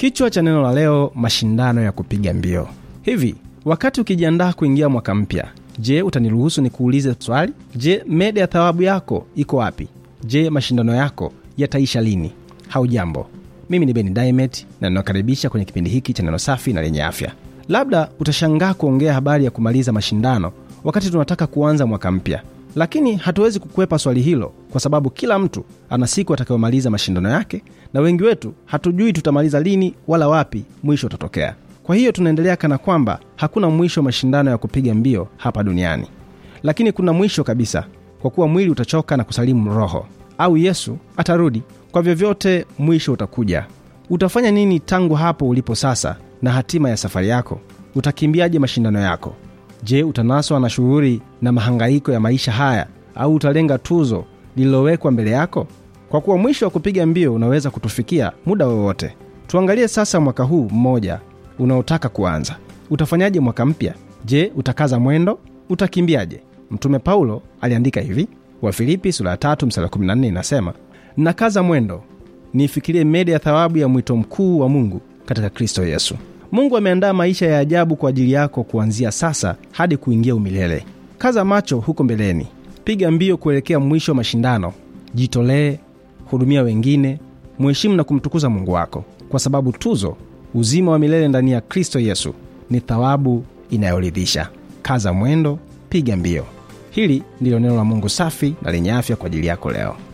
Kichwa cha neno la leo, mashindano ya kupiga mbio. Hivi wakati ukijiandaa kuingia mwaka mpya, je, utaniruhusu nikuulize swali? Je, mede ya thawabu yako iko wapi? Je, mashindano yako yataisha lini? hau jambo mimi ni Beni Dimet na ninakaribisha kwenye kipindi hiki cha neno safi na lenye afya. Labda utashangaa kuongea habari ya kumaliza mashindano wakati tunataka kuanza mwaka mpya, lakini hatuwezi kukwepa swali hilo kwa sababu kila mtu ana siku atakayomaliza mashindano yake, na wengi wetu hatujui tutamaliza lini wala wapi mwisho utatokea. Kwa hiyo tunaendelea kana kwamba hakuna mwisho wa mashindano ya kupiga mbio hapa duniani, lakini kuna mwisho kabisa, kwa kuwa mwili utachoka na kusalimu roho, au Yesu atarudi. Kwa vyovyote, mwisho utakuja. Utafanya nini tangu hapo ulipo sasa na hatima ya safari yako? Utakimbiaje mashindano yako? Je, utanaswa na shughuli na mahangaiko ya maisha haya, au utalenga tuzo lililowekwa mbele yako kwa kuwa mwisho wa kupiga mbio unaweza kutufikia muda wowote tuangalie sasa mwaka huu mmoja unaotaka kuanza utafanyaje mwaka mpya je utakaza mwendo utakimbiaje mtume paulo aliandika hivi wafilipi tatu msala inasema nakaza mwendo niifikirie mede ya thawabu ya mwito mkuu wa mungu katika kristo yesu mungu ameandaa maisha ya ajabu kwa ajili yako kuanzia sasa hadi kuingia umilele kaza macho huko mbeleni Piga mbio kuelekea mwisho wa mashindano, jitolee, hudumia wengine, mheshimu na kumtukuza Mungu wako, kwa sababu tuzo, uzima wa milele ndani ya Kristo Yesu ni thawabu inayoridhisha. Kaza mwendo, piga mbio. Hili ndilo neno la Mungu safi na lenye afya kwa ajili yako leo.